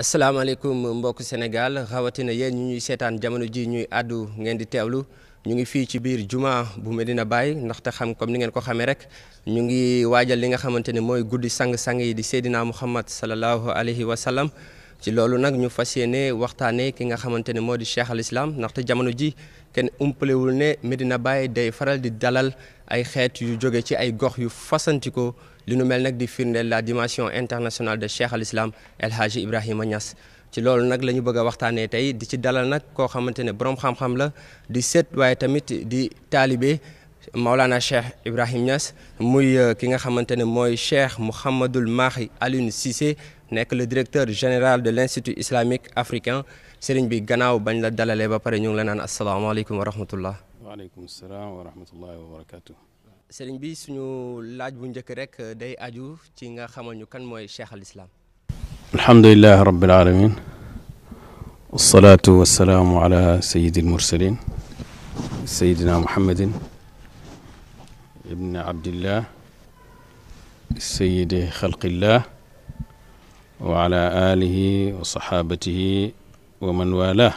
asalaamaaleykum mbokk Sénégal rawatina yéen ñu ñuy seetaan jamono ji ñuy àddu ngeen di teewlu ñu ngi fii ci biir jumaa bu Medina Baye ndaxte xam comme ni ngeen ko xamee rek ñu ngi waajal li nga xamante ne mooy guddi sang-sang yi di Seydina Muhammad sallallahu alayhi wa sallam ci loolu nag ñu fas yéene waxtaanee ki nga xamante ne moo di cheikh al ndaxte jamono ji kenn umpalewul ne Medina Baye day faral di dalal ay xeet yu jóge ci ay gox yu fasantikoo li nu mel nag di firndeel la dimension internationale de Cheikh al Islam El Hadji Ibrahima Niass ci loolu nag la ñu bëgg a waxtaanee tey di ci dalal nag koo xamante ne borom xam-xam la di seet waaye tamit di taalibe Maulana Cheikh Ibrahim ñas muy euh, ki nga xamante ne mooy Cheikh Mouhamadul Mahi Alioune Cissé nekk le directeur général de l' institut islamique africain sëriñ bi gannaaw bañ la dalalee ba pare ñu ngi la naan asalaamaaleykum wa wa rahmatullah wa barakatuh. sëriñ bi suñu laaj bu njëkk rek euh, day aju ci nga xamal ñu kan mooy cheikh al islam alhamdulilahi rabbil alamin wasalaatu wasalaamu ala sayidi almursalin sayidina muhammadin ibni abdillah sayidi xalqillah wa ala alihi wa saxaabatihi wa man walah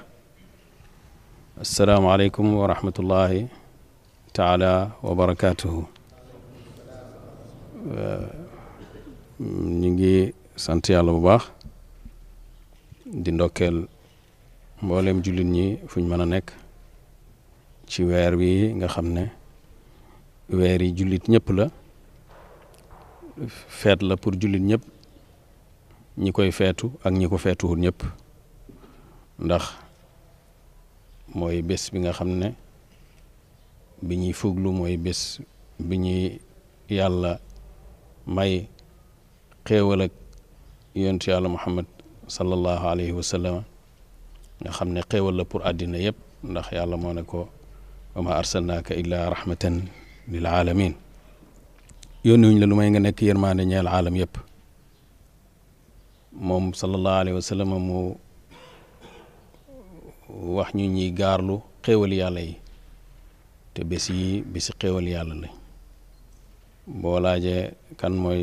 assalaamu aleykum wa rahmatullahi taala wa barakaatuhu ñu ngi sant yàlla bu baax di ndokkeel mboolem jullit ñi fuñ mën a nekk ci weer wi nga xam ne weer yi jullit ñëpp la feet la pour jullit ñëpp ñi koy feetu ak ñi ko feetuwul ñëpp ndax mooy bés bi nga xam ne bi ñuy fuglu mooy bés bi ñuy yàlla may xéewal ak yontu yàlla muhammad sallallahu alayhi wa nga xam ne xéewal la pour àddina yëpp ndax yàlla moo ne ko wa ma arsalnaaka illaa rahmatan lil yoon yónni wuñ la lu may nga nekk yërmaande ñeel aalam yëpp moom sallallahu alayhi wa mu wax ñu ñuy gaarlu xéewali yàlla yi te bés yi bési xéwal yàlla la boo laajee kan mooy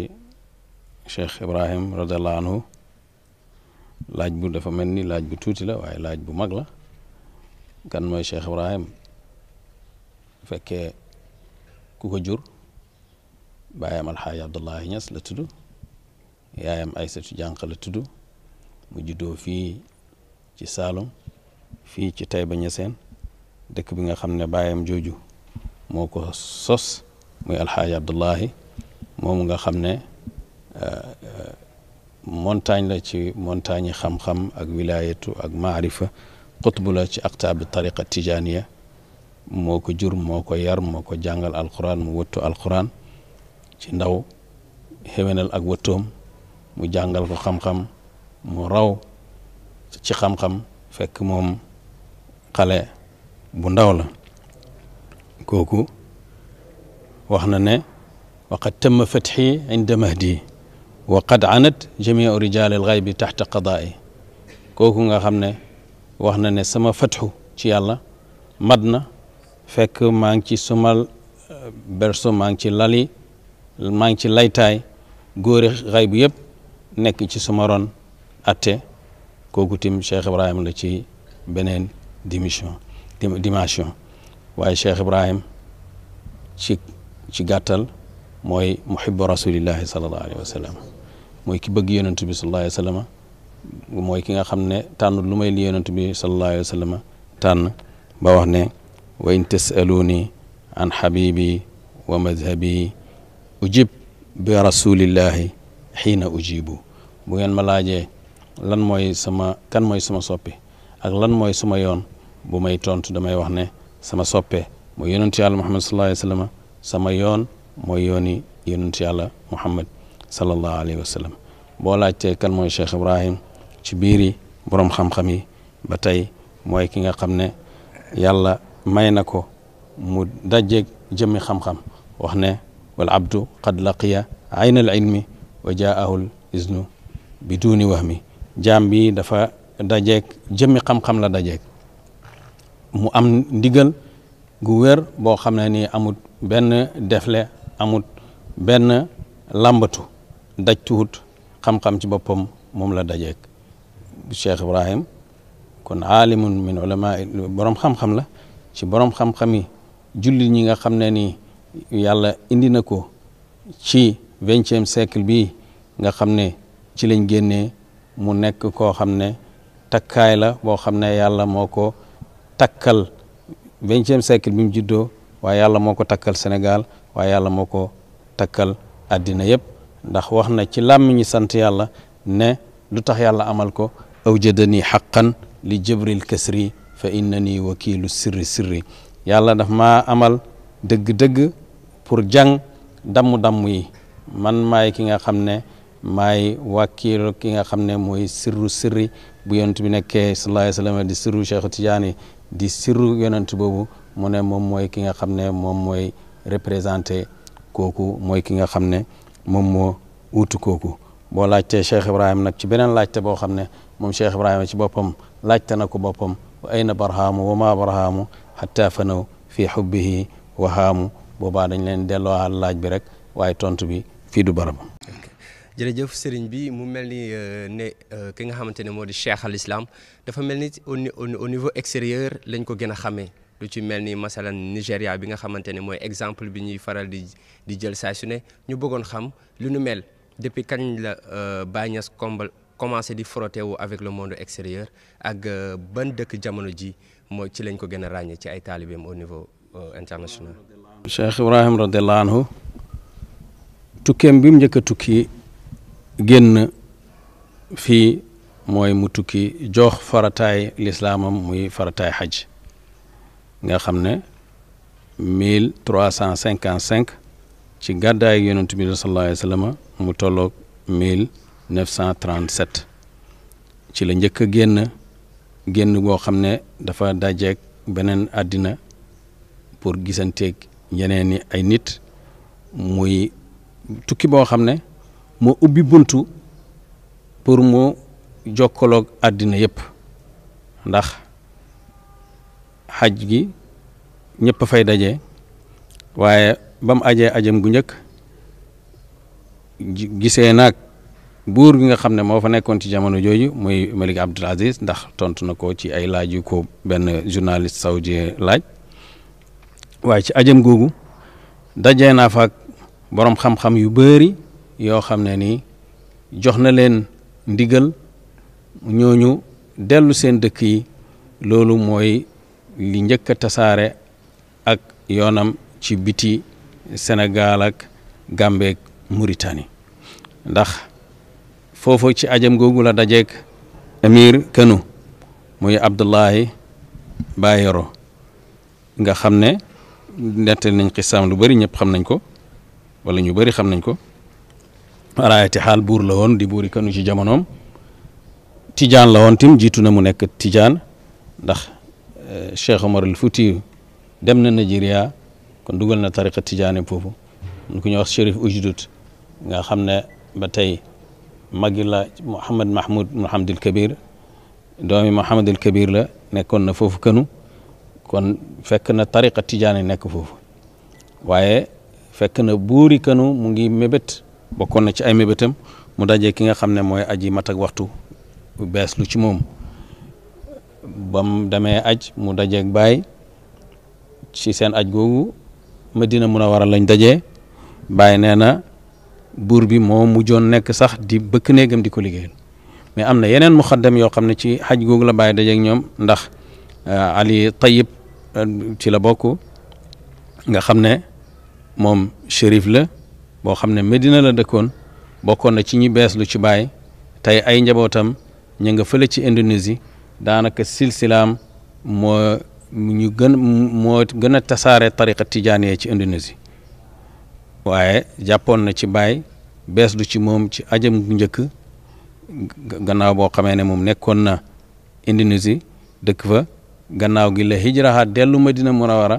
cheikh ibrahim radiallahu anhu laaj bu dafa mel ni laaj bu tuuti la waaye laaj bu mag la kan mooy cheikh ibrahim bu fekkee ku ko jur baayam alxaaji abdullahi ñas la tuddu yaayam aysatu jànq la tudd mu juddoo fii ci saalum fii ci tayba ñaseen dëkk bi nga xam ne baayam jooju moo ko sos muy alxaaji abdullahi moomu nga xam ne euh, euh, montagne la ci montagne yi xam-xam ak wilayatu ak maarifa xutbu la ci aqtaabi tariqa tijaniya moo ko jur moo ko yar moo ko jàngal alquran mu wëttu alquran ci ndaw xéwénal ak wëttoom mu jàngal ko xam-xam mu raw ci xam-xam fekk moom xale bu ndaw la kooku wax na ne waqad tamma fatxi inda mahdi wa qad anat jamiu rijal al xaybi taxta qadaai kooku nga xam ne wax na ne sama fatxu ci yàlla mat na fekk maa ngi ci sumal berso maa ngi ci lali maa ngi ci laytaay góori xay bu yëpp nekk ci suma ron atte kooku tim Cheikh Ibrahima la ci beneen démission dimension waaye Cheikh Ibrahim ci ci gàttal mooy muhibbu rasulillahi sallallahu alayhi mooy ki bëgg yonent bi sallallahu alayhi mooy ki nga xam ne tànn lu may li yonent bi sallallahu alayhi wa sallam tànn ba wax ne wa in tasaluni an habibi wa madhabi ujib bi rasulillahi xiina ujibu bu ngeen ma laajee lan mooy sama kan mooy sama soppi ak lan mooy sama yoon bu may tontu damay wax ne sama soppe mooy yonentu yàlla muhammad sallallahu alayhi wa sallam sama yoon mooy yooni yonentu yàlla muhammad sallallahu alayhi wa sallam boo laajtee kan mooy Cheikh Ibrahim ci biiri boroom xam yi ba tey mooy ki nga xam ne yàlla may na ko mu dajeeg jëmmi xam-xam wax ne wal abdu qad laqiya ayna al ilmi wa jaahu bi duuni wahmi jaam bi dafa dajek jëmmi xam la dajek mu am ndigal gu wér boo xam ne ni amut benn defle amut benn làmbatu daj tuut xam-xam ci boppam moom la dajeeg Cheikh Ibrahim kon aalimun min ulama borom xam-xam la ci borom xam-xami jullit ñi nga xam ne ni yàlla indi na ko ci vingtième siècle bi nga xam ne ci lañ génnee mu nekk koo xam ne takkaay la boo xam ne yàlla moo ko takkal vingtième siècle bi mu juddoo waaye yàlla moo ko takkal senegal waaye yàlla moo ko takkal àddina yëpp ndax wax na ci làmmiñu sant yàlla ne lu tax yàlla amal ko awjadani xaqan li jibril kasri fa innani wakiilu sirri sirri yàlla daf ma amal dëgg-dëgg pour jàng dammu damm yi man maay ki nga xam ne maay wakiilu ki nga xam ne mooy sirru sirri bu yonent bi nekkee sallallahu alayhi wa sallam di sirru Cheikh Tidiane di sirru yonent boobu mu ne moom mooy ki nga xam ne moom mooy représenté kooku mooy ki nga xam ne moom moo uutu kooku boo laajtee Cheikh Ibrahima nag ci beneen laajte boo xam ne moom Cheikh Ibrahima ci boppam laajte na ko boppam wa ayna barhaamu wa maa barhaamu xatta fanaw fii xubbihi wahaamu boobaa dañ leen delloo laaj bi rek waaye tontu bi fii du barabam jërëjëf sëriñ bi mu mel ni euh, ne euh, ki nga xamante ne moo di cheikh al islam dafa mel ni au niveau extérieur lañ ko gën a xamee lu ci mel ni masalan Nigéria bi nga xamante ne mooy exemple bi ñuy faral di di jël saa su ne ñu bëggoon xam lu nu mel depuis kañ la euh, Baye Niass kombal commencé di frotter wu avec le monde extérieur ak ban dëkk jamono ji mooy ci lañ ko gën a ràññee ci ay taalibeem au niveau international. Cheikh Ibrahim radiallahu anhu tukkeem bi mu njëkk a génn fii mooy mu tukki jox farataay lislaamam muy farataay xaj nga xam ne mille trois cent cinq ci gàddaay yonent bi sallallahu alayhi wa sallam mu tollook mille neuf ci la njëkk a génn génn goo xam ne dafa dajeeg beneen àddina pour gisanteek ñeneen i ay nit muy tukki boo xam ne mu ubbi buntu pour mu jokkaloog àddina yëpp ndax xaj gi ñëpp fay daje waaye ba aje ajee ajam gu njëkk gisee nag buur gi nga xam ne moo fa nekkoon ci jamono jooju muy Malik Abdul Aziz ndax tontu na ko ci ay laaj yu ko benn journaliste saoudien laaj waaye ci ajam googu dajee naa fa boroom xam-xam yu bëri yoo xam ne nii jox na leen ndigal ñooñu dellu seen dëkk yi loolu mooy li njëkk a tasaare ak yoonam ci biti Sénégal ak Gàmbeek Mauritanie ndax foofoo ci ajam googu la dajeeg Amir Kano muy Abdullahi Bayero nga xam ne nettali nañ xisaam lu bari ñëpp xam nañ ko walla ñu bari xam nañ ko alaayati xaal buur la woon di buuri kanu ci jamonoom tijaan la woon tim jiitu na mu nekk tijaan ndax eh, Cheikh Omar al Fouti dem na Nigeria kon dugal na tariqa tijaani foofu ku ñuy wax Chérif Oujdout nga xam ne ba tey magi la Mouhamad Mahmoud Mouhamadul Kabir doomi Mouhamadul Kabir la nekkoon na foofu kanu kon fekk na tariqa tijaani nekk foofu waaye fekk na buuri kanu mu ngi mébét bokkoon na ci ay mébétam mu dajee ki nga xam ne mooy aji mat ak waxtu bees lu ci moom ba mu demee aj mu dajeeg baay ci seen aj googu ma dina mun a waral lañ daje baay nee na buur bi moo mujjoon nekk sax di bëkk néegam di ko liggéeyal mais am na yeneen muxaddam yoo xam ne ci xaj googu la baay dajeeg ñoom ndax euh, Ali Tayyib euh, ci la bokk nga xam ne moom shérif la boo xam ne Medina la dëkkoon bokkoon na ci ñi bees lu ci baay tey ay njabootam ñu nga fële ci Indonésie daanaka silsilaam moo ñu gën moo gën a tasaare tariqa yee ci Indonésie waaye jàppoon na ci baay bees lu ci moom ci ajam njëkk gannaaw boo xamee ne moom nekkoon na Indonésie dëkk fa gannaaw gi la hijraha dellu Madina Munawara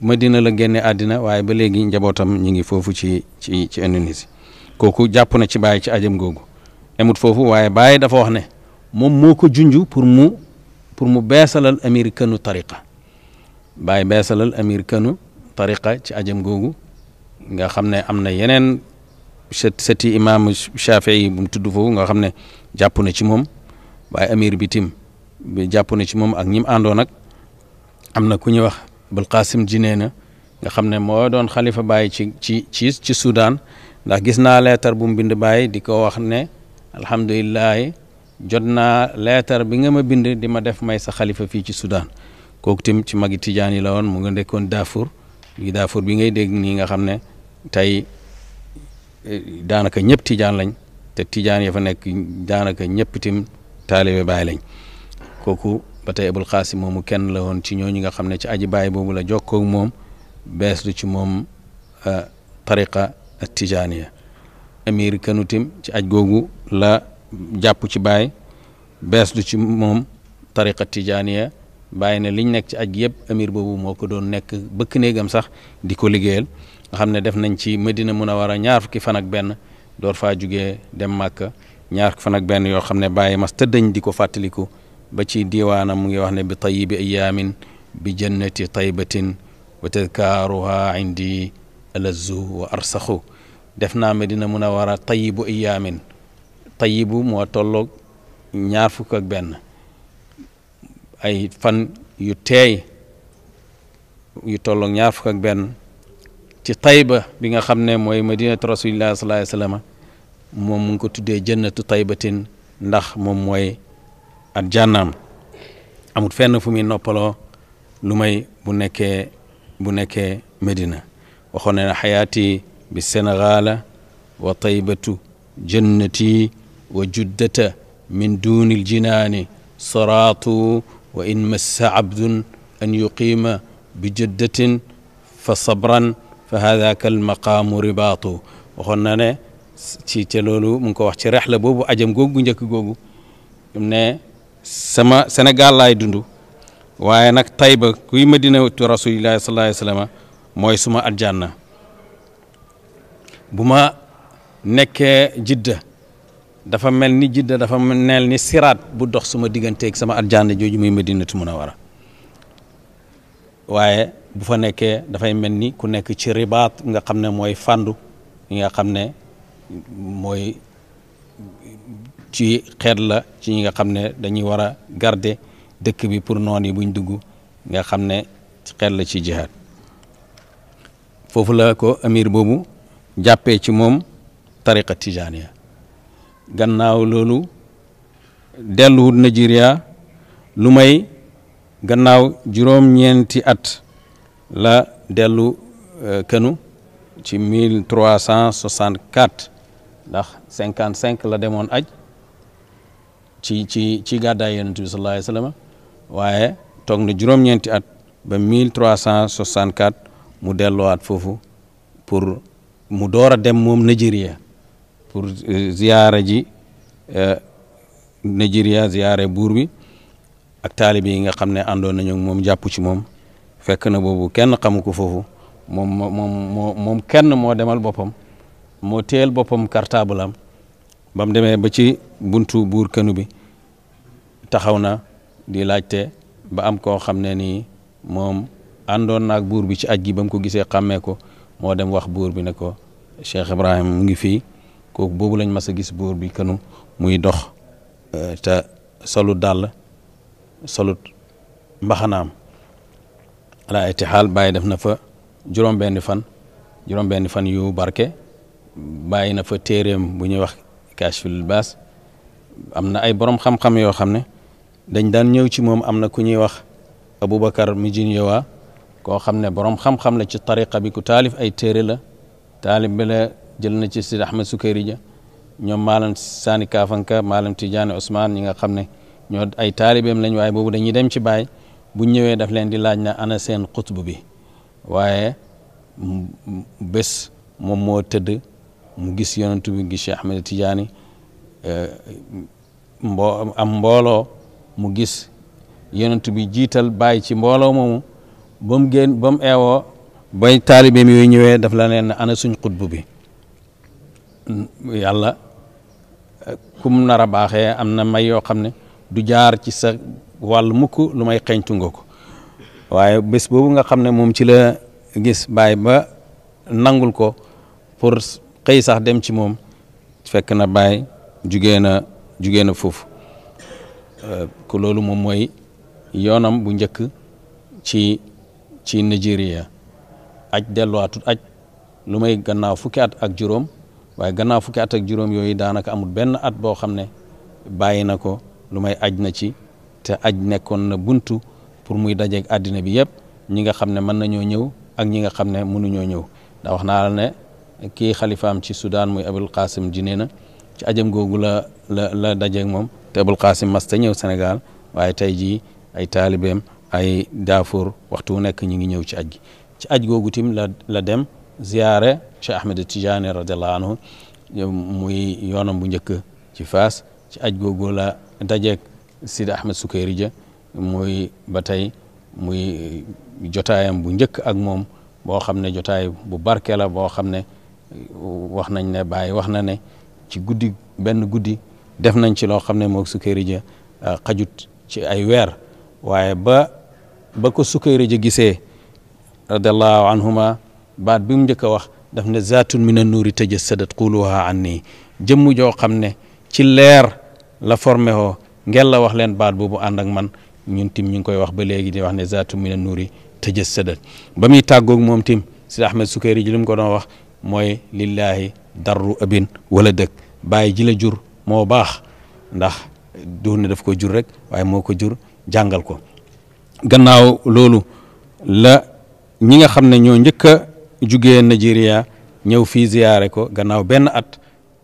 Madina la génne àddina waaye ba léegi njabootam ñu ngi foofu ci ci ci Indonésie kooku jàpp na ci Baye ci ajam googu emut foofu waaye Baye dafa wax ne moom moo ko junj pour mu pour mu beesalal américanu tariqa Baye beesalal américanu tariqa ci ajam googu nga xam ne am na yeneen seti imaamu Shafii yi mu tudd foofu nga xam ne jàpp na ci moom waaye amir bitim tim jàpp na ci moom ak ñim àndoon nag am na ku ñuy wax. bul qaasim jineena nga xam ne moo doon xalifa Baye ci ci ci ci Soudan ndax gis naa leetar bu mu bind Baye di ko wax ne alhamdulilah jot na leetar bi nga ma bind di ma def may sa xalifa fii ci Soudan kooku tim ci magi tijaan yi la woon mu nga nekkoon Daafur lii Daafur bi ngay dégg nii nga xam ne tey eh, daanaka ñëpp tijaan lañ te tijaan ya fa nekk daanaka ñëpp tim taalibe Baye lañ ba tey Abul Xaasim moomu kenn la woon ci ñooñu nga xam ne ci aji baay boobu la jokkoog moom bees lu ci moom euh, tariqa tijaaniya amir kanutim ci aj googu la jàpp ci baay bees lu ci moom tariqa tijaaniya bàyyi ne liñ nekk ci aj yëpp amir boobu moo ko doon nekk bëkk néegam sax di ko liggéeyal nga xam ne def nañ ci Medina Munawara ñaar fukki fan ak benn door faa jugee dem Màkka ñaar fukki fan ak benn yoo xam ne bàyyi mas tëddañ di ko fàttaliku ba ci diiwaanam mu ngi wax ne bi tayibi ayaamin bi jannati taybatin wa tadkaaruha indi alazu wa arsaxu def naa Madina Munawara tayibu ayaamin tayibu moo tolloog ñaar fukk ak benn ay fan yu teey yu tolloog ñaar fukk ak benn ci tayba bi nga xam ne mooy madinatu rasulillahi wa sallam moom mu ngi ko tuddee jannatu taybatin ndax moom mooy at jànnaam amut fenn fu muy noppaloo lu may bu nekkee bu nekkee Medina waxoon ne xayaati bi Sénégal wa taybatu jannati wa juddata min duuni ljinaani saraatu wa in massa abdun an yuqiima bi juddatin fa sabran fa haadaka almaqaamu ribaatu waxoon na ne ci ca loolu mu ngi ko wax ci rexla boobu ajam googu njëkk googu ne sama Sénégal laay dund waaye nag Tayba kuy madinatu rasulillahi sallallahu alayhi mooy suma aljanna bu ma nekkee jidda dafa mel ni jidda dafa mel ni siraat bu dox suma digganteeg sama aljanna jooju muy madinatu munawara waaye bu fa nekkee dafay mel ni ku nekk ci ribaat nga xam ne mooy fàndu yi nga xam ne mooy ci xeet la ci ñi nga xam ne dañuy war a garder dëkk bi pour noon yi buñ dugg nga xam ne xeet la ci jihaad foofu la ko amir boobu jàppee ci moom tariqa tijaaniya gannaaw loolu dellu delluwut Nigeria lu may gannaaw juróom-ñeenti at la dellu euh, kënu ci mille trois cent soixante ndax cinquante cinq la demoon aj ci ci ci gàddaay yonent bi sallallahu alayhi wa sallam waaye toog na juróom-ñeenti at ba 1364 mu delluwaat foofu pour mu door a dem moom Nigeria pour euh, ziyaara ji euh, Nigeria ziyaare buur bi ak taalib yi nga xam ne àndoon nañu moom jàpp ci moom fekk na boobu kenn xamu ko foofu moom moom kenn moo demal boppam moo teel boppam cartable am ba mu demee ba ci buntu buur kënu bi taxaw na di laajte ba am koo xam ne nii moom àndoon naag buur bi ci aj gi ba mu ko gisee xàmmee ko moo dem wax buur bi ne ko Cheikh Ibrahim mu ngi fii ko boobu lañ mas gis buur bi kënu muy dox euh, te salut dàll salut mbaxanaam ala ay xaal bàyyi def na fa juróom-benni fan juróom-benni fan yu barke bàyyi na fa téeréem bu ñuy wax kaashiful baas am na ay borom xam-xam yoo xam ne dañ daan ñëw ci moom am na ku ñuy wax Aboubacar Mijinyawa koo xam ne borom xam-xam la ci tariqa bi ku taalif ay téere la taalib bi jël na ci Sidi Ahmed Sukayrij ja ñoom maalam Sani Kaafanka maalam Tidiane Ousmane ñi nga xam ne ñoo ay taalibeem lañ waaye boobu dañuy dem ci baay bu ñëwee daf leen di laaj na ana seen xutbu bi waaye bés moom tëdd mu gis yonent bi gis Cheikh Ahmed Tidiane eh, mbo am mbooloo mu gis yonent bi jiital baay ci mbooloo moomu ba mu génn ba eewoo bay taalibeem yooyu ñëwee daf la leen ana suñ xutbu bi yàlla kum nar a baaxee am na may yoo xam ne du jaar ci sa wàll mukk lu may xeñtu nga ko waaye bés boobu nga xam ne moom ci la gis baay ba nangul ko pour xëy sax dem ci moom fekk na baay jugee na foofu euh, ku loolu moom mooy yoonam bu njëkk ci ci Nigeria aj delluwaatut aj lu may gannaaw fukki at ak juróom waaye gannaaw fukki at ak juróom yooyu daanaka amul benn at boo xam ne bàyyi na ko lu may aj na ci te aj nekkoon na buntu pour muy dajeeg àddina bi yëpp ñi nga xam ne mën nañoo ñëw ak ñi nga xam ne mënuñoo ñëw ndax wax naa la ne kii xalifaam ci Soudan muy Abul Qasim ji na ci ajam googu la la la moom te Abul Qasim masta ñëw Sénégal waaye tey jii ay taalibeem ay daafour waxtu wu nekk ñu ngi ñëw ci aj gi ci aj googu tim la la dem ziyaare Cheikh Ahmed Tidiane radiallahu muy yoonam bu njëkk ci fas ci aj googu la dajeeg Sidi Ahmed Soukayrija muy ba tey muy jotaayam bu njëkk ak moom boo xam ne jotaay bu barke la boo xam ne wax nañ ne Baye wax na ne ci guddi benn guddi def nañ ci loo xam ne moog Sukkari ja euh, xajut ci ay weer waaye ba ba ko Sukkari ja gisee radiallahu anhuma baat bi mu njëkk a wax def ne zaatun min an-nuuri tajassadat quluha ni jëmm joo xam ne ci leer la formé woo ngeen la wax leen baat boobu ànd ak man ñun tim ñu ngi koy wax ba léegi di wax ne zaatun min an-nuuri tajassadat ba muy tàggoog moom tim Sidi Ahmed Sukkari ji li ko doon wax mooy lillaahi darru abin wala dëkk bàyyi ji jur moo baax ndax du ne def ko jur rek waaye moo ko jur jàngal ko gannaaw loolu la ñi nga xam ne ñoo njëkk a jugee Nigeria ñëw fii ziyaare ko gannaaw benn at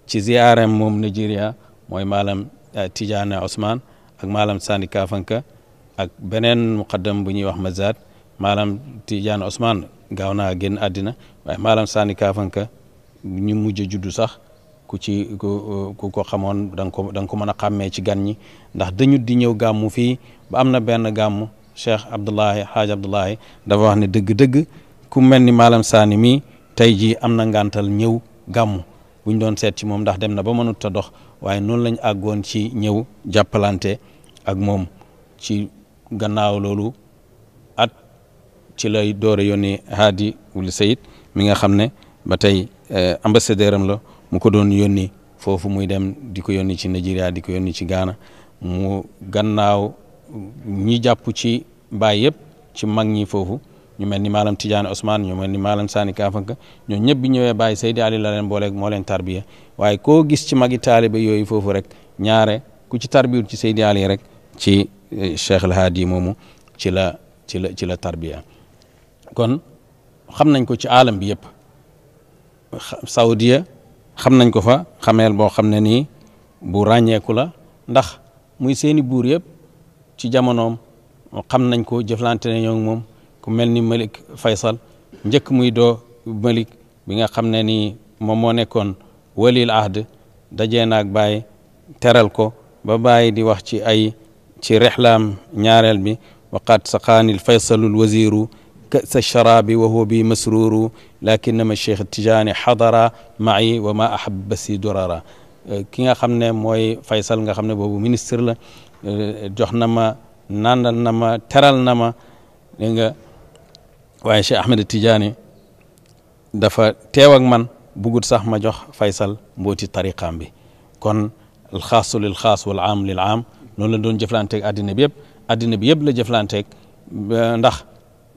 ci ziyaareem moom Nigeria mooy maalam eh, Tidiane Ousmane ak maalam Sani ak beneen muqaddam bu ñuy wax Mazad maalam Tidiane Ousmane gaaw naa génn àddina waaye maalam saani kaafanka ñu mujj a juddu sax ku ci ku ko xamoon dan nga ko da ko mën a xàmmee ci gan ñi ndax dañu di ñëw gàmmu fii ba am na benn gàmmu Cheikh Abdoulahi Haaj Abdoulahi dafa wax ne dëgg-dëgg ku mel ni maalam saani mii tey jii am na ngàntal ñëw gàmmu bu doon seet moom ndax dem na ba mënut a dox waaye noonu lañ àggoon ci ñëw jàppalante ak moom ci gannaaw loolu ci lay door a yónnee Hadi Ould Sayed mi nga xam ne ba tey eh, ambassadeur am la mu ko doon yónni foofu muy dem di ko yónni ci Nigeria di ko yónni ci gaana mu gannaaw ñi jàpp ci baay yëpp ci mag ñi foofu ñu mel ni maalam Tidiane Ousmane ñu mel ni maalam Sani Kafanka ñoo ñëpp bi ñëwee Baye Seydi Ali la leen booleeg moo leen tarbiya waaye koo gis ci magi taaliba yooyu foofu rek ñaare ku ci tarbiwul ci Seydi Ali rek ci eh, Cheikh moomu ci la ci la ci la tarbiya kon xam nañ ko ci aalam bi yëpp saudia xam nañ ko fa xameel boo xam ne nii bu ràññeeku la ndax muy seeni buur yëpp ci jamonoom xam nañ ko jëflante ne ñoo moom ku mel ni Malik Faysal njëkk muy doo Malik bi nga xam ne nii moom moo nekkoon walil ahd dajee naag bàyyi teral ko ba bàyyi di wax ci ay ci rexlaam ñaareel bi waqat saqaanil faysalul wasiru كأس الشراب وهو بي مسرور لكنما الشيخ التجاني حضر معي وما أحب سي درارا ki nga xam ne mooy Faysal nga xam ne boobu ministre la jox na ma nandal na ma teral na ma nga waaye Cheikh Ahmed Tidiane dafa teew ak man bugut sax ma jox Faysal mbooti tariqaam bi kon al xaasu lil xaas wal aam lil aam noonu la doon jëflanteeg addina bi yëpp addina bi yëpp la jëflanteeg ndax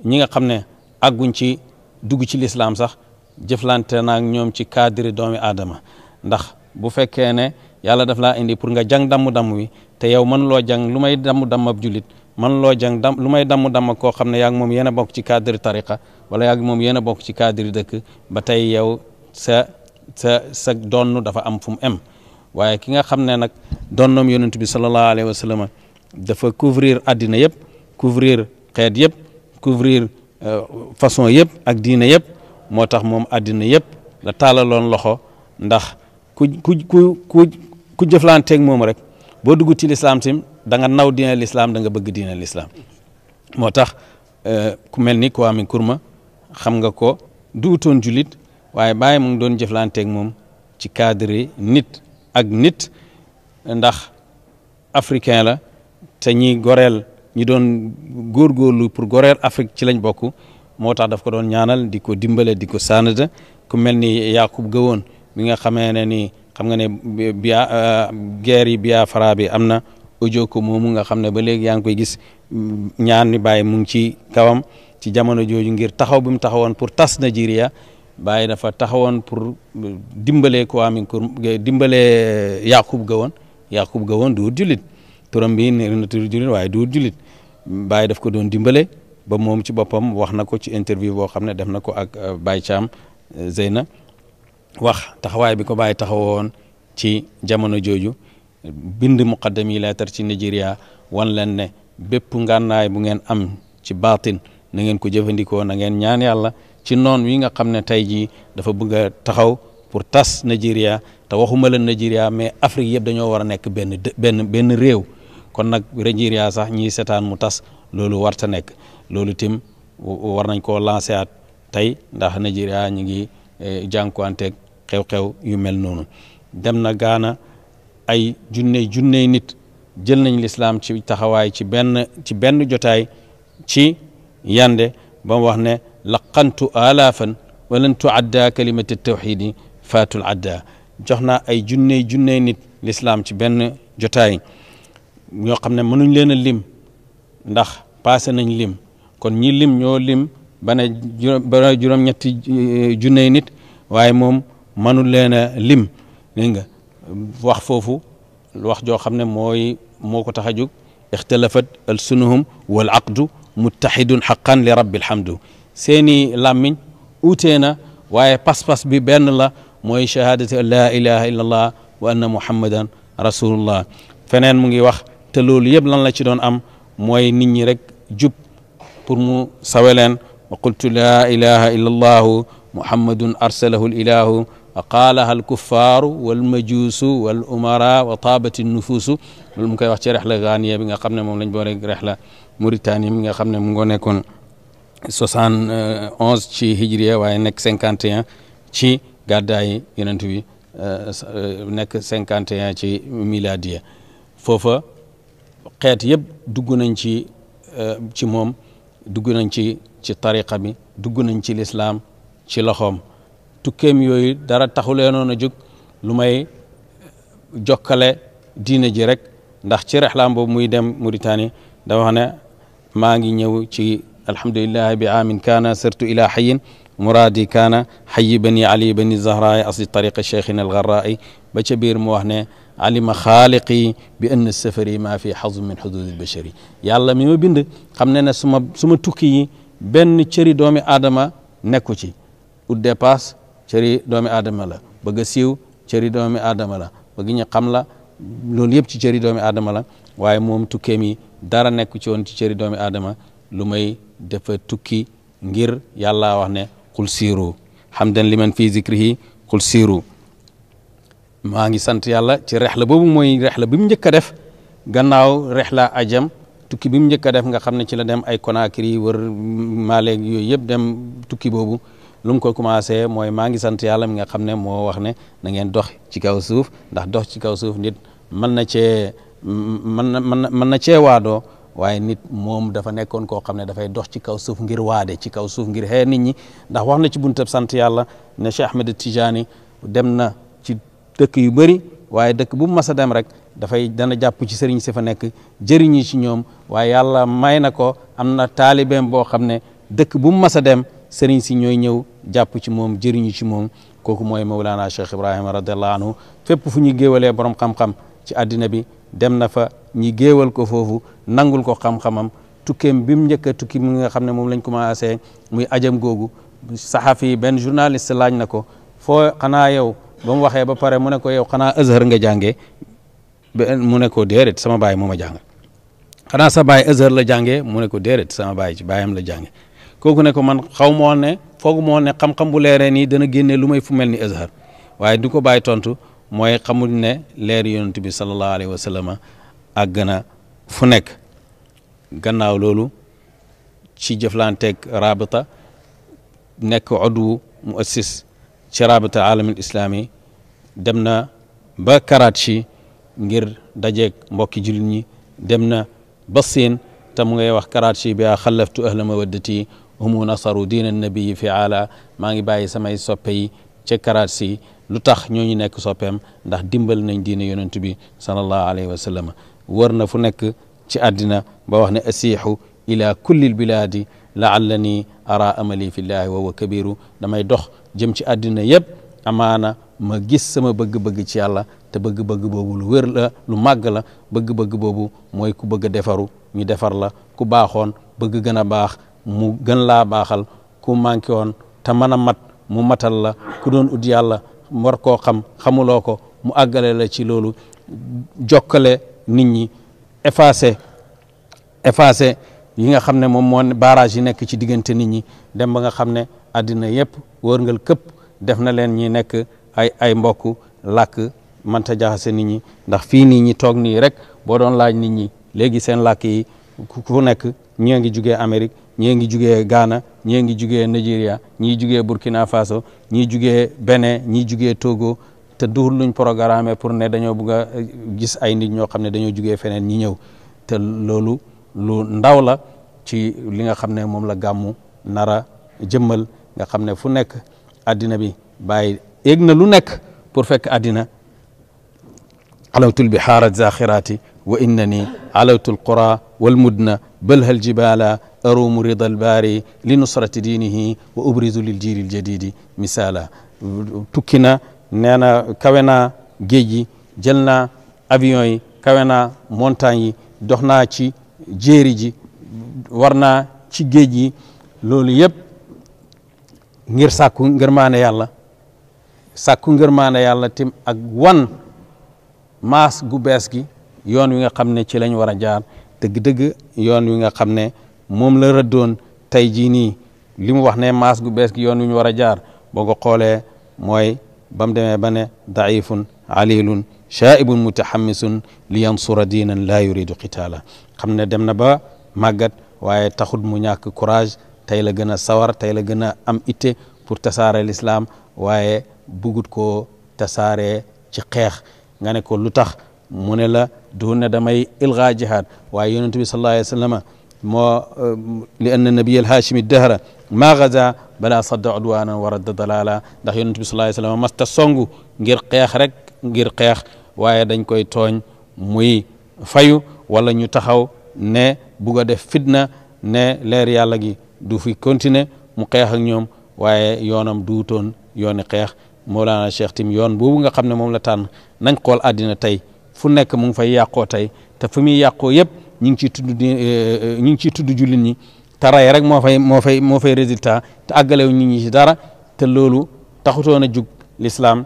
ñi nga xam ne àgguñ ci dugg ci lislam sax jëflante naag ñoom ci cadre doomi aadama ndax bu fekkee ne yàlla daf laa indi pour nga jang dammu damm wi te yow mën loo jàng lu may damm-damm ab julit man loo jàng dam lu may damm-damm koo xam ne yaa moom yéen bokk ci cadre tarika wala yaa moom yéen a bokk ci kadri dëkk ba tey yow sa sa sa donn dafa am fu mu em waaye ki nga xam ne nag donnoom yonent bi sallallahu alayhi wa sallam dafa couvrir addina yëpp couvrir xeet yëpp couvrir euh, façon yëpp ak diine yëpp moo tax moom àddina yëpp la taalaloon loxo ndax ku ku ku ku ku jëflanteeg moom rek boo dugg ci lislaam tim da nga naw diine lislaam da nga bëgg diine lislaam moo tax euh, ku mel ni Kwame Nkrumah xam nga ko duutoon julit waaye Baye mu ngi doon jëflanteeg moom ci cadre nit ak nit ndax africain la te ñiy goreel ñi doon góorgóorlu pour goreel Afrique ci lañ bokk moo tax daf ko doon ñaanal di ko dimbale di ko saanada ku mel ni Yaakub Gowon mi nga xamee ne ni xam nga ne bia euh, guerre yi Biafra bi am na Ojoko moomu nga xam ne ba léegi yaa ngi koy gis ñaan ni Baye mu ngi ci kawam ci jamono jooju ngir taxaw bi mu taxawoon pour tas Nigeria Baye dafa taxawoon pour euh, dimbale Kwame Nkrumah dimbale Yaakub Gowon Yaakub Gowon du jullit turam bi ne na tur julit waaye du julit Baye daf ko doon dimbale ba moom ci boppam wax na ko ci interview boo xam ne def na ko ak euh, Baye Thiam euh, Zeyna wax taxawaay bi ko Baye woon ci jamono jooju bind muqaddam yi leetar ci Nigeria wan leen ne bépp ngànnaay bu ngeen am ci baatin na ngeen ko jëfandikoo na ngeen ñaan yàlla ci noon wi nga xam ne tey jii dafa bëgg a taxaw pour tas Nigeria te waxuma la Nigeria mais Afrique yëpp dañoo war a nekk benn benn benn réew kon nag renjir sax ñi setaan mu tas loolu warta nekk loolu tim war nañ koo lancé at tey ndax Nigeria ñu ngi eh, jànkuwanteeg xew-xew yu mel noonu dem na gaana ay junney junney nit jël nañ lislaam ci taxawaay ci benn ci benn jotaay ci yande ba wax ne laqantu alaafan walan tuadda kalimati tawxidi faatul adda jox na ay junney junney nit lislaam ci benn jotaay ñoo xam ne mënuñ leen a lim ndax passé nañ lim kon ñi lim ñoo lim ba ne ñetti eh, junney nit waaye moom mënul leen a lim dégg nga wax foofu wax joo xam ne mooy moo ko tax a jóg ixtalafat alsunuhum wal aqdu muttaxidun xaqan li rabbil hamdu seeni làmmiñ uutee na waaye pas-pas bi benn la mooy shahadati an laa ilaha allah wa anna rasulullah feneen mu wax te loolu yëpp lan la ci doon am mooy nit ñi rek jub pour mu sawe leen wa qultu laa ilaha illa allahu muhammadun arsalahu l ilahu wa qaalaha al kuffaaru wal wa wal umara wa taabati nufuusu mu koy wax ci rexla gaaniya bi nga xam ne moom lañ boo rek rexla Mauritanie mi nga xam ne mu ngoo nekkoon soixante onze ci hijriya waaye nekk cinquante et ci gàddaayi yonent bi euh, euh, nekk cinquante et ci miladiya foofa xeet yëpp dugg nañ ci euh, ci moom dugg nañ ci ci tariqa bi dugg nañ ci lislaam ci loxoom tukkeem yooyu dara taxuleenoon a jóg lu may euh, jokkale diina ji rek ndax ci rexlaam boobu muy dem Mauritanie da wax ne maa ngi ñëw ci alhamdulilah bi amin kaana sirtu ila xayin muraadi kaana xayi bani ali bani zahraay asli tariqa cheikhina algarraai ba ca biir mu wax ne alima xaaliqi bi ann safari maa fi xazm min xududi bashari yàlla mi ma bind xam ne ne suma suma tukki yi benn cëri doomi aadama nekku ci ut dépasse cëri doomi aadama la bëgg a siiw cëri doomi aadama la bëgg ñu xam la loolu yëpp ci cëri doomi aadama la waaye moom tukkeem yi dara nekk ci woon ci cëri doomi aadama lu may dafa tukki ngir yàlla wax ne kul siiru hamdan liman fi zikrihi qul siiru maa ngi sant yàlla ci rexla boobu mooy rexla bi mu njëkk a def gannaaw rexla ajam tukki bi mu njëkk a def nga xam ne ci la dem ay Conakry wër Maleeg yooyu yëpp dem tukki boobu lu ko commencé mooy maa ngi sant yàlla mi nga xam ne moo wax ne na ngeen dox ci kaw suuf ndax dox ci kaw suuf nit mën na cee mën na mën na mën na cee waadoo waaye nit moom dafa nekkoon koo xam ne dafay dox ci kaw suuf ngir waade ci kaw suuf ngir nit ñi ndax ci buntab sant yàlla ne Cheikh dem na. dëkk yu bëri waaye dëkk bu mu mas a dem rek dafay dana jàpp ci sëriñ si fa nekk jëriñi si ñoom waaye yàlla may na ko am na taalibeem boo xam ne dëkk bu mu mas a dem sëriñ si ñooy ñëw jàpp ci moom jëriñu si moom kooku mooy Mawlana Cheikh Ibrahima radiallahu anhu fépp fu ñu géewalee borom xam-xam ci àddina bi dem na fa ñi géewal ko foofu nangul ko xam-xamam tukkeem bi mu njëkk a tukki mi nga xam ne moom lañ commencé muy ajam googu saxafi benn journaliste laaj na ko foo xanaa ba mu waxee ba pare mu ne ko yow xanaa azhar nga jàngee mu ne ko déedéet sama baay moo ma jàngal xanaa sa baay azhar la jàngee mu ne ko déedéet sama baay ci baayam la jàngee kooku ne ko man xaw ma ne foog ma woon ne xam bu leeree nii dana génne lu may fu mel ni azhar waaye du ko bàyyi tontu mooy xamul ne leer yonent bi sallallahu alayhi wa sallam fu nekk gannaaw loolu ci jëflanteeg rabita nekk oddu mu assis ci rabita alamil islami dem na ba Karachi ngir dajeeg mbokki jullit ñi dem na ba Siin te mu ngay wax Karachi bi a xallaftu ahla mawaddati humu nasaru diina nabiyi fi ala maa ngi bàyyi samay soppe yi ca Karachi lu tax ñooñu nekk soppeem ndax dimbal nañ diine yonent bi sallallahu alayhi wa sallam na fu nekk ci àddina ba wax ne asiixu ila kulli lbilaadi laallani ara amali fi llahi wa huwa kabiru damay dox jëm ci àddina yëpp amaana ma gis sama bëgg-bëgg ci yàlla te bëgg-bëgg boobu lu wér la lu màgg la bëgg-bëgg boobu mooy ku bëgg defaru ñu defar la ku baaxoon bëgg gën a baax mu gën laa baaxal ku manqué woon te mën a mat mu matal la ku doon ut yàlla war koo xam xamuloo ko mu àggale la ci loolu jokkale nit ñi effacé effacé yi nga xam ne moom moo barrage yi nekk ci diggante nit ñi dem nga xam ne àddina yëpp wërngal këpp def na leen ñi nekk ay ay mbokk làkk mënta jaxase nit ñi ndax fii nii ñi toog nii rek boo doon laaj nit ñi léegi seen lakk yi ku nekk ñii ngi jugee Amérique ñii ngi jugee Ghana ñii ngi jugee Nigeria ñii jugee Burkina Faso ñii jugee bene ñii jugee Togo te duul luñ programme pour ne dañoo bëgg a eh, gis ay nit ñoo xam ne dañoo jugee feneen ñi ñëw te loolu lu ndaw la ci li nga xam ne moom la gàmmu nara jëmmal nga xam ne fu nekk addina bi bàyyi yéeg na lu nekk pour fekk addina alawtul bihaara zaxiraati wa innani alawtul qura wal mudna balhal jibala arumu rida albaari li nusrati diinihi wa ubrizu lil jiil jadidi misaala tukki na nee na géej yi jël naa avion yi kawe naa montagne yi dox naa ci jéeri ji war ci géej yi loolu yëpp ngir sàkku ngërmaane yàlla sàkku ngërmaane yàlla tim ak wan maas gu bees gi yoon wi nga xam ne ci lañ war a jaar dëgg-dëgg yoon wi nga xam ne moom la rëddoon tey jii nii li mu wax ne maas gu bees gi yoon wi ñu war a jaar boo ko xoolee mooy ba mu demee ba ne daifun alilun shaibun mutahammisun li yansura diinan laa yuridu qitaala xam ne dem na ba màggat waaye taxut mu ñàkk courage tey la gën a sawar tey la gën a am itte pour tasaare lislaam waaye bugut ko tasaare ci xeex nga ne ko lu tax mu ne la du ne damay ilga jihaad waaye yonent bi sallallahu alayhi wa moo li anna nabiya alhaashimi dahra maa gaza balaa sadda udwaanan wa radda dalaala ndax yonent bi sallallahu alayhi wa sallama masta songu ngir xeex rek ngir xeex waaye dañ koy tooñ muy fayu wala ñu taxaw ne bugg a def fitna ne leer yàlla gi du fi continuer mu xeex ak ñoom waaye yoonam duutoon yooni xeex Mawlana Cheikh tim yoon boobu nga xam ne moom la tànn nañ kool àddina tey fu nekk mu ngi fay yàqoo tey te fu muy yàqoo yëpp ñu ngi ciy tudd di eh, eh, ñu ngi ciy tudd jullit ñi tara rey rek moo fay moo fay moo fay résultat te àggalewu nit ñi ci dara te loolu taxutoon a jug lislaam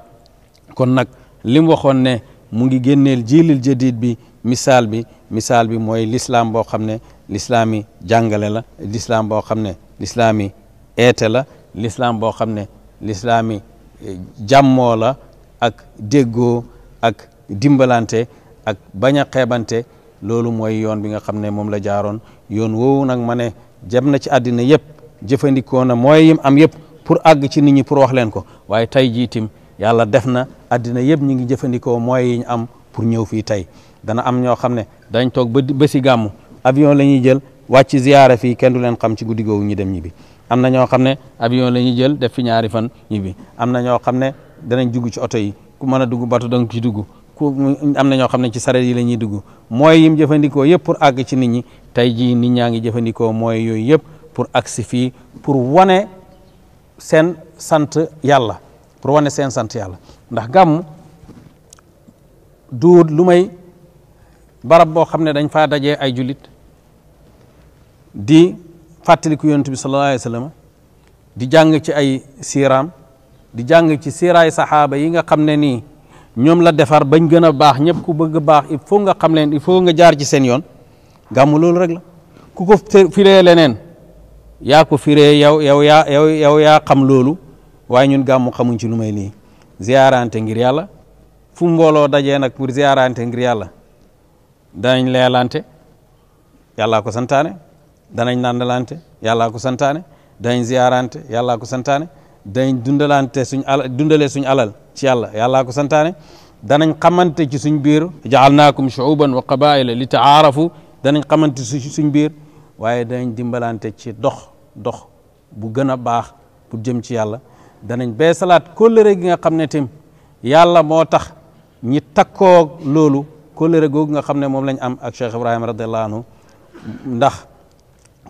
kon nag li mu waxoon ne mu ngi génneel jiilil jadid bi missaal bi missaal bi mooy lislaam boo xam ne lislaam yi jàngale la lislaam boo xam ne lislaam yi eete la lislaam boo xam ne lislaam yi eh, jàmmoo la ak déggoo ak dimbalante ak bañ a xeebante loolu mooy yoon bi nga xam ne moom la jaaroon yoon woowu nag ma ne jëm na ci àddina yëpp jëfandikoo na mooy yim am yëpp pour àgg ci nit ñi pour wax leen ko waaye tey jiitim yàlla def na àddina yëpp ñu ngi jëfandikoo mooy yi am pour ñëw fii tey dana am ñoo xam ne dañ toog ba ba avion la ñuy jël wàcc ziyaara fii kenn du leen xam ci guddi googu ñu dem ñibbi am na ñoo xam ne avion la ñuy jël def fi ñaari fan ñibbi am na ñoo xam ne danañ dugg ci oto yi ku mën a dugg bato danga ci dugg ku am na ñoo xam ne ci sareet yi la ñuy dugg mooy yim jëfandikoo yëpp pour àgg ci nit ñi tey jii nit ñaa ngi jëfandikoo mooy yooyu yëpp pour àgg si fii pour wane seen sant yàlla pour wane seen sant yàlla ndax gàmm duut lu barab boo xam ne dañ faa daje ay jullit di fàttaliku yonent bi sallallahu alayhi di jàng ci ay siiraam di jàng ci siiraay saxaaba yi nga xam ne nii ñoom la defar bañ gën a baax ñëpp ku bëgg baax il faut nga xam leen il faut nga jaar ci seen yoon gàmmu loolu rek la ku ko firee leneen yaa ko firee yow yow yaa yow yow yaa xam loolu waaye ñun gàmmu xamuñ ci lu may lii ziyaarante ngir yàlla fu mbooloo dajee nag pour ziyaarante ngir yàlla danañ leelante yàllaa ko santaane danañ nandalante yàllaa ko santaane danañ ziyaarante yàllaa ko santaane danañ dundalante suñ alal dundalee suñ alal ci yàlla yàllaa ko danañ xamante ci suñ biir jaxal jaalnaakum shuuban wa qabaila li taarafu danañ xamante ci suñ biir waaye danañ dimbalante ci dox dox bu gën a baax pour jëm ci yàlla danañ bee salaat kóllëre gi nga xam ne tim yàlla moo tax ñi takkoo loolu kóllëre googu nga xam ne moom lañ am a Cheikh Ibrahima radiallahu anhu ndax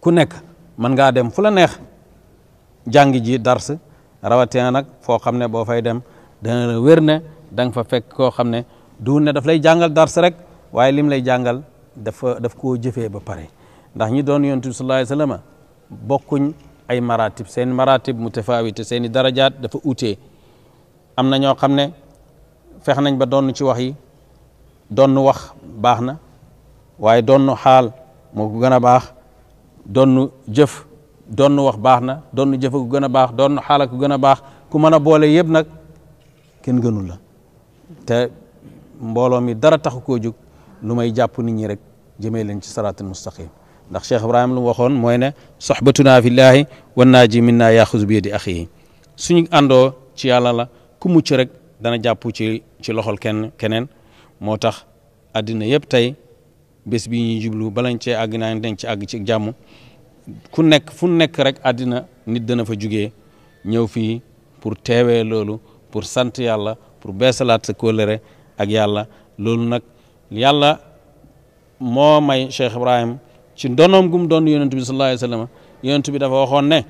ku nekk mën ngaa dem fu la neex jàng ji dars rawatina nag foo xam ne boo fay dem dana wér ne da fa fekk koo xam ne du ne daf lay jàngal dars rek waaye lim lay jàngal dafa daf koo jëfee ba pare ndax ñi doon yonent bi sallallahu alayhi bokkuñ ay maratib seen maratib mutafaawite seen i darajaat dafa utee am na ñoo xam ne fex nañ ba doon ci wax yi doon wax baax na waaye doon xaal moo ko baax doon nu jëf doon donn wax baax na donn jëf ku gën a baax donn xaala ku gën a baax ku mën a boole yëpp nag kenn gënu la te mbooloo mi dara taxu koo jóg lu may jàpp nit ñi rek jëmee leen ci saraatul mustaqim ndax Cheikh Ibrahima lu waxoon mooy ne soxbatuna fillahi wan naa ji min naa yaaxusu bi yadi axihi suñu àndoo ci yàlla la ku mucc rek dana jàpp ci ci loxol kenn keneen moo tax àddina yëpp tey bés bi ñuy jublu balañ cee àgg naa dañ ci àgg ci jàmm ku nekk fu nekk rek àddina nit dana fa jugee ñëw fii pour teewe loolu pour sant yàlla pour beesalaat sa kóllëre ak yàlla loolu nag yàlla moo may Cheikh Ibrahim ci ndonoom gum doon yonent bi sallallahu alayhi wa sallam bi dafa waxoon ne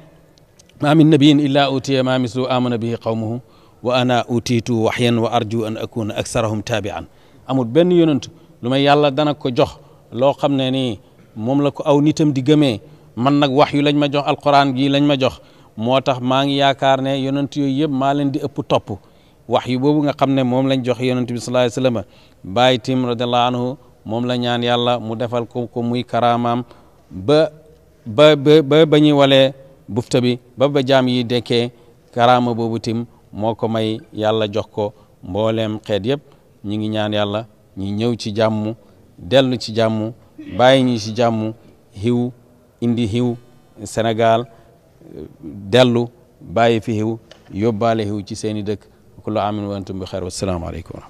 ma min nabiyin illa utiya ma mislu amana bihi qawmuhu wa ana utiitu waxyan wa arju an akuna aksarahum taabian amul benn yonent lu may yàlla dana ko jox loo xam ne nii moom la ko aw nitam di gëmee man nag wax yu lañ ma jox alquran gii lañ ma jox moo tax maa ngi yaakaar ne yonent yooyu yëpp maa leen di ëpp topp wax yu boobu nga xam ne moom lañ jox yonent bi sallallahu alayhi wasallam bàyyi tim radiallahu anhu moom la ñaan yàlla mu defal ko ko muy karaamaam ba ba ba ba walee bufta bi ba ba jaam yi dekkee karaama boobu tim moo ko may yàlla jox ko mbooleem xeet yëpp ñu ngi ñaan yàlla ñi ñëw ci jàmm dellu ci jàmm bàyyi ñu ci jàmm xiw indi xiw Sénégal dellu bàyyi fi xiw yóbbaale xiw ci seeni i dëkk kullu amin wa antum bi xeer wasalaamaaleykum wa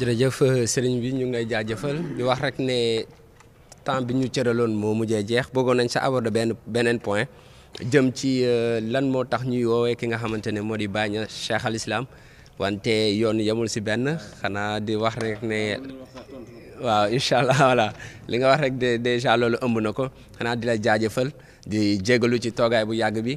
jërëjëf sëriñ bi ñu ngi lay jaajëfal di wax rek ne temps bi ñu cëraloon moo mujjee jeex bëggoon nañ sa aborder benn beneen point jëm ci euh, lan moo tax ñuy woowee ki nga xamante ne moo di bàyyi Cheikh al Islam wante yoon yamul si benn xanaa di wax rek ne waaw incha allah voilà li nga wax rek de déjà loolu ëmb na ko xanaa di la jaajëfal di jégalu ci toogaay bu yàgg bi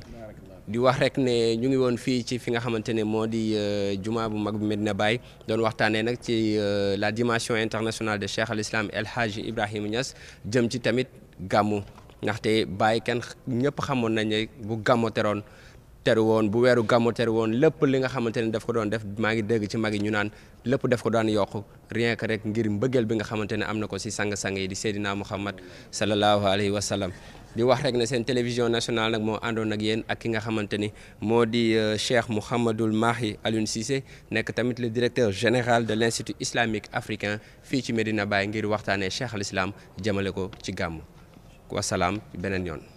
di wax rek ne ñu ngi woon fii ci fi nga xamante ne moo di euh, jumaa bu mag bu Medina bàyyi doon waxtaanee nag ci euh, la dimension internationale de Cheikh al Islam El Hadji Ibrahima Niass jëm ci tamit gàmmu ndaxte Baye kenn ñëpp xamoon nañ ne bu gàmmu teroon teru woon bu weeru gàmmu teru woon lépp li nga xamante ne daf ko doon def maa ngi dégg ci mag yi ñu naan lépp daf ko daan yokk rien que rek ngir mbëggeel bi nga xamante ne am na ko si sang-sang yi di Seydina Muhammad sallallahu alayhi wa sallam di wax rek na seen télévision nationale nag moo àndoon nag yéen ak ki nga xamante ni moo di euh, Cheikh Mouhamadoul Mahi Alioune Cissé nekk tamit le directeur général de l' institut islamique africain fii ci Medina Baye ngir waxtaanee Cheikh al Islam jëmale ko ci gàmm wasalaam beneen yoon.